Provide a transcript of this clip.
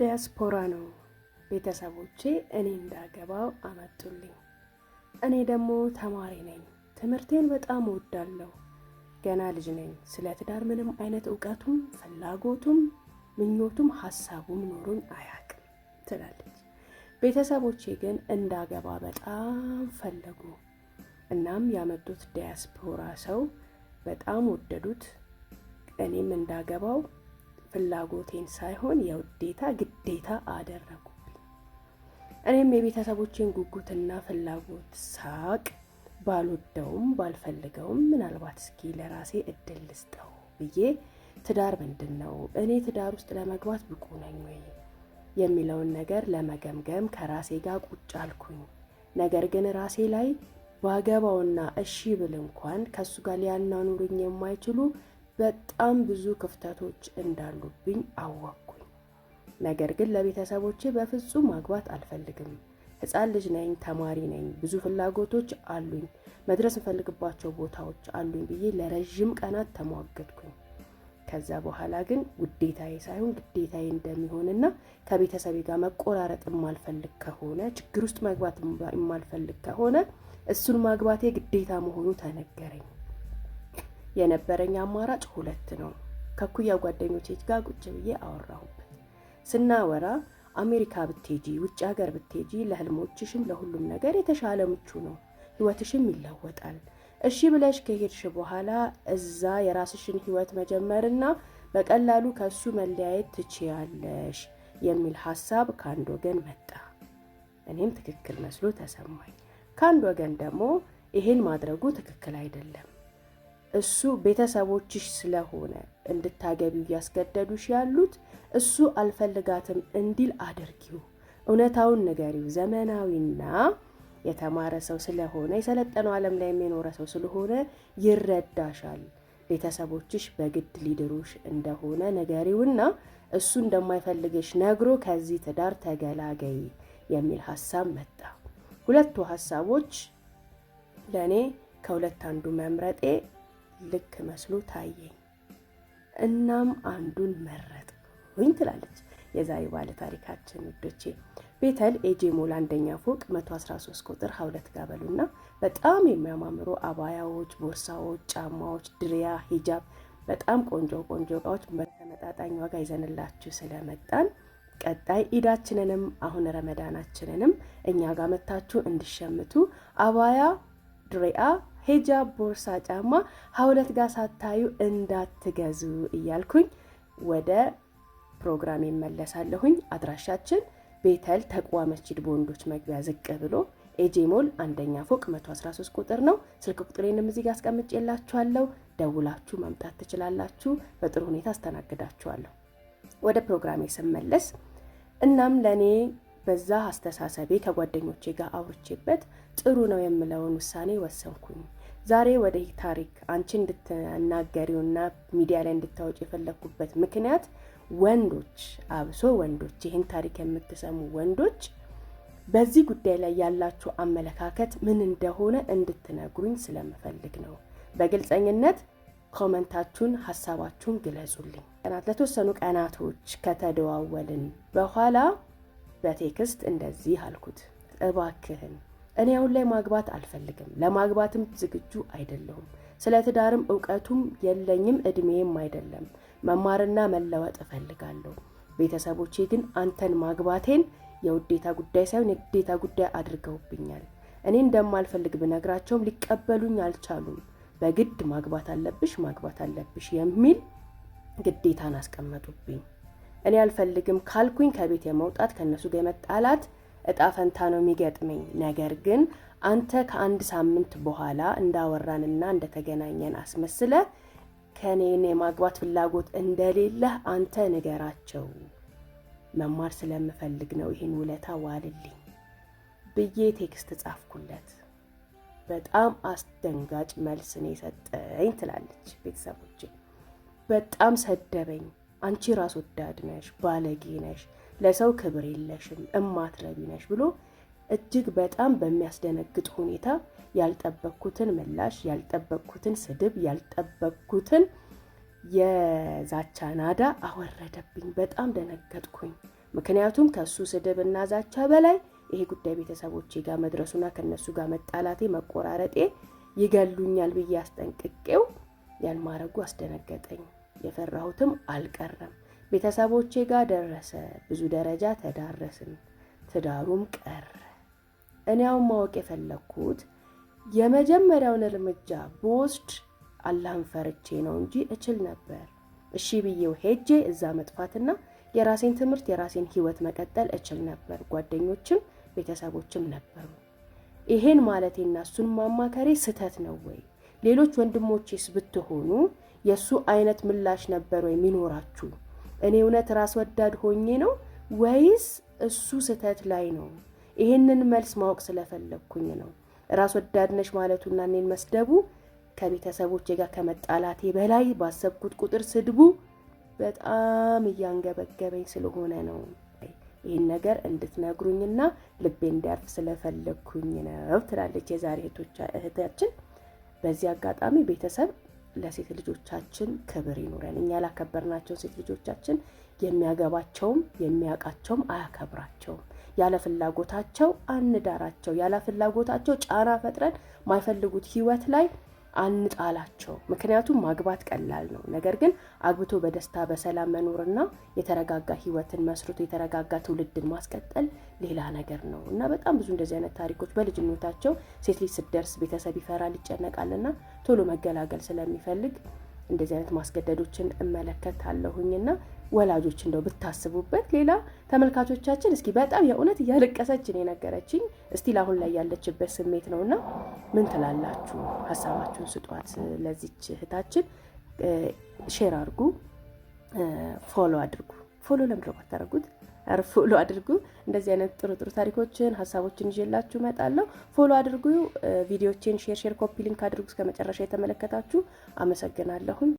ዲያስፖራ ነው። ቤተሰቦቼ እኔ እንዳገባው አመጡልኝ። እኔ ደግሞ ተማሪ ነኝ። ትምህርቴን በጣም እወዳለሁ። ገና ልጅ ነኝ። ስለ ትዳር ምንም አይነት እውቀቱም ፍላጎቱም ምኞቱም ሀሳቡም ኖሩን አያውቅም ትላለች። ቤተሰቦቼ ግን እንዳገባ በጣም ፈለጉ። እናም ያመጡት ዲያስፖራ ሰው በጣም ወደዱት። እኔም እንዳገባው ፍላጎቴን ሳይሆን የውዴታ ግዴታ አደረጉብኝ። እኔም የቤተሰቦቼን ጉጉትና ፍላጎት ሳቅ ባልወደውም ባልፈልገውም ምናልባት እስኪ ለራሴ እድል ልስጠው ብዬ ትዳር ምንድን ነው፣ እኔ ትዳር ውስጥ ለመግባት ብቁ ነኝ ወይ የሚለውን ነገር ለመገምገም ከራሴ ጋር ቁጭ አልኩኝ። ነገር ግን ራሴ ላይ ባገባውና እሺ ብል እንኳን ከእሱ ጋር ሊያናኑሩኝ የማይችሉ በጣም ብዙ ክፍተቶች እንዳሉብኝ አወቅኩኝ። ነገር ግን ለቤተሰቦቼ በፍጹም ማግባት አልፈልግም። ህፃን ልጅ ነኝ፣ ተማሪ ነኝ፣ ብዙ ፍላጎቶች አሉኝ፣ መድረስ እንፈልግባቸው ቦታዎች አሉኝ ብዬ ለረዥም ቀናት ተሟገትኩኝ። ከዛ በኋላ ግን ውዴታዬ ሳይሆን ግዴታዬ እንደሚሆንና ከቤተሰቤ ጋር መቆራረጥ የማልፈልግ ከሆነ ችግር ውስጥ መግባት የማልፈልግ ከሆነ እሱን ማግባቴ ግዴታ መሆኑ ተነገረኝ። የነበረኝ አማራጭ ሁለት ነው። ከኩያ ጓደኞቼ ጋር ቁጭ ብዬ አወራሁበት። ስናወራ አሜሪካ ብትሄጂ፣ ውጭ ሀገር ብትሄጂ ለህልሞችሽም ለሁሉም ነገር የተሻለ ምቹ ነው፣ ህይወትሽም ይለወጣል። እሺ ብለሽ ከሄድሽ በኋላ እዛ የራስሽን ህይወት መጀመርና በቀላሉ ከሱ መለያየት ትችያለሽ የሚል ሀሳብ ከአንድ ወገን መጣ። እኔም ትክክል መስሎ ተሰማኝ። ከአንድ ወገን ደግሞ ይሄን ማድረጉ ትክክል አይደለም እሱ ቤተሰቦችሽ ስለሆነ እንድታገቢው እያስገደዱሽ ያሉት እሱ አልፈልጋትም እንዲል አድርጊው። እውነታውን ንገሪው። ዘመናዊና የተማረ ሰው ስለሆነ የሰለጠነው ዓለም ላይ የሚኖረ ሰው ስለሆነ ይረዳሻል። ቤተሰቦችሽ በግድ ሊድሩሽ እንደሆነ ንገሪውና እሱ እንደማይፈልግሽ ነግሮ ከዚህ ትዳር ተገላገይ የሚል ሀሳብ መጣ። ሁለቱ ሀሳቦች ለእኔ ከሁለት አንዱ መምረጤ ልክ መስሎ ታየኝ። እናም አንዱን መረጥኩኝ ትላለች የዛሬ ባለ ታሪካችን ውዶቼ። ቤተል ኤጄ ሞል አንደኛ ፎቅ 113 ቁጥር ሀውለት ጋር በጣም የሚያማምሩ አባያዎች፣ ቦርሳዎች፣ ጫማዎች፣ ድሪያ፣ ሂጃብ በጣም ቆንጆ ቆንጆ እቃዎች በተመጣጣኝ ዋጋ ይዘንላችሁ ስለመጣን ቀጣይ ኢዳችንንም አሁን ረመዳናችንንም እኛ ጋር መታችሁ እንዲሸምቱ አባያ ድሪያ ሂጃብ፣ ቦርሳ፣ ጫማ ሀውለት ጋር ሳታዩ እንዳትገዙ እያልኩኝ ወደ ፕሮግራም ይመለሳለሁኝ። አድራሻችን ቤተል ተቅዋ መስጂድ በወንዶች መግቢያ ዝቅ ብሎ ኤጄ ሞል አንደኛ ፎቅ 113 ቁጥር ነው። ስልክ ቁጥሬንም እዚህ ጋር አስቀምጬላችኋለሁ። ደውላችሁ መምጣት ትችላላችሁ። በጥሩ ሁኔታ አስተናግዳችኋለሁ። ወደ ፕሮግራሜ ስመለስ እናም ለእኔ በዛ አስተሳሰቤ ከጓደኞቼ ጋር አውርቼበት ጥሩ ነው የምለውን ውሳኔ ወሰንኩኝ። ዛሬ ወደ ታሪክ አንቺ እንድትናገሪውና ሚዲያ ላይ እንድታወጭ የፈለግኩበት ምክንያት ወንዶች፣ አብሶ ወንዶች ይህን ታሪክ የምትሰሙ ወንዶች በዚህ ጉዳይ ላይ ያላችሁ አመለካከት ምን እንደሆነ እንድትነግሩኝ ስለምፈልግ ነው። በግልጸኝነት ኮመንታችሁን፣ ሀሳባችሁን ግለጹልኝ። ቀናት ለተወሰኑ ቀናቶች ከተደዋወልን በኋላ በቴክስት እንደዚህ አልኩት፣ እባክህን እኔ አሁን ላይ ማግባት አልፈልግም፣ ለማግባትም ዝግጁ አይደለሁም። ስለ ትዳርም እውቀቱም የለኝም፣ እድሜም አይደለም። መማርና መለወጥ እፈልጋለሁ። ቤተሰቦቼ ግን አንተን ማግባቴን የውዴታ ጉዳይ ሳይሆን የግዴታ ጉዳይ አድርገውብኛል። እኔ እንደማልፈልግ ብነግራቸውም ሊቀበሉኝ አልቻሉም። በግድ ማግባት አለብሽ ማግባት አለብሽ የሚል ግዴታን አስቀመጡብኝ። እኔ አልፈልግም ካልኩኝ ከቤት የመውጣት ከእነሱ ጋር የመጣላት እጣ ፈንታ ነው የሚገጥመኝ። ነገር ግን አንተ ከአንድ ሳምንት በኋላ እንዳወራንና እንደተገናኘን አስመስለ ከኔን የማግባት ፍላጎት እንደሌለህ አንተ ንገራቸው። መማር ስለምፈልግ ነው ይህን ውለታ ዋልልኝ ብዬ ቴክስት ጻፍኩለት። በጣም አስደንጋጭ መልስ ነው የሰጠኝ ትላለች ቤተሰቦች። በጣም ሰደበኝ። አንቺ ራስ ወዳድ ነሽ፣ ባለጌ ነሽ፣ ለሰው ክብር የለሽም፣ እማትረቢ ነሽ ብሎ እጅግ በጣም በሚያስደነግጥ ሁኔታ ያልጠበቅኩትን ምላሽ፣ ያልጠበቅኩትን ስድብ፣ ያልጠበቅኩትን የዛቻ ናዳ አወረደብኝ። በጣም ደነገጥኩኝ። ምክንያቱም ከሱ እና ዛቻ በላይ ይሄ ጉዳይ ቤተሰቦቼ ጋር መድረሱና ከነሱ ጋር መጣላቴ፣ መቆራረጤ ይገሉኛል ብዬ አስጠንቅቄው ያልማረጉ አስደነገጠኝ። የፈራሁትም አልቀረም። ቤተሰቦቼ ጋር ደረሰ። ብዙ ደረጃ ተዳረስን። ትዳሩም ቀረ። እኔያውም ማወቅ የፈለግኩት የመጀመሪያውን እርምጃ ብወስድ አላህን ፈርቼ ነው እንጂ እችል ነበር። እሺ ብዬው ሄጄ እዛ መጥፋትና የራሴን ትምህርት የራሴን ህይወት መቀጠል እችል ነበር። ጓደኞችም ቤተሰቦችም ነበሩ። ይሄን ማለቴና እሱን ማማከሬ ስህተት ነው ወይ? ሌሎች ወንድሞቼስ ብትሆኑ የእሱ አይነት ምላሽ ነበር ወይም ይኖራችሁ? እኔ እውነት ራስ ወዳድ ሆኜ ነው ወይስ እሱ ስህተት ላይ ነው? ይህንን መልስ ማወቅ ስለፈለግኩኝ ነው። ራስ ወዳድ ነሽ ማለቱና እኔን መስደቡ ከቤተሰቦቼ ጋር ከመጣላቴ በላይ ባሰብኩት ቁጥር ስድቡ በጣም እያንገበገበኝ ስለሆነ ነው ይህን ነገር እንድትነግሩኝና ልቤ እንዲያርፍ ስለፈለግኩኝ ነው ትላለች የዛሬ እህታችን። በዚህ አጋጣሚ ቤተሰብ ለሴት ልጆቻችን ክብር ይኑረን። እኛ ያላከበርናቸውን ሴት ልጆቻችን የሚያገባቸውም የሚያውቃቸውም አያከብራቸውም። ያለ ፍላጎታቸው አንዳራቸው። ያለ ፍላጎታቸው ጫና ፈጥረን ማይፈልጉት ህይወት ላይ አንጣላቸው። ምክንያቱም ማግባት ቀላል ነው። ነገር ግን አግብቶ በደስታ በሰላም መኖርና የተረጋጋ ህይወትን መስርቶ የተረጋጋ ትውልድን ማስቀጠል ሌላ ነገር ነው እና በጣም ብዙ እንደዚህ አይነት ታሪኮች በልጅነታቸው ሴት ልጅ ስትደርስ ቤተሰብ ይፈራል፣ ይጨነቃልና ቶሎ መገላገል ስለሚፈልግ እንደዚህ አይነት ማስገደዶችን እመለከታለሁኝና ወላጆች እንደው ብታስቡበት። ሌላ ተመልካቾቻችን እስኪ በጣም የእውነት እያለቀሰች ነው የነገረችኝ እስቲ ለአሁን ላይ ያለችበት ስሜት ነው እና ምን ትላላችሁ? ሀሳባችሁን ስጧት። ለዚች እህታችን ሼር አድርጉ፣ ፎሎ አድርጉ። ፎሎ ለምድረ ባታደረጉት ፎሎ አድርጉ። እንደዚህ አይነት ጥሩ ጥሩ ታሪኮችን ሀሳቦችን ይዤላችሁ እመጣለሁ። ፎሎ አድርጉ። ቪዲዮቼን ሼር ሼር ኮፒ ሊንክ አድርጉ። እስከ መጨረሻ የተመለከታችሁ አመሰግናለሁኝ።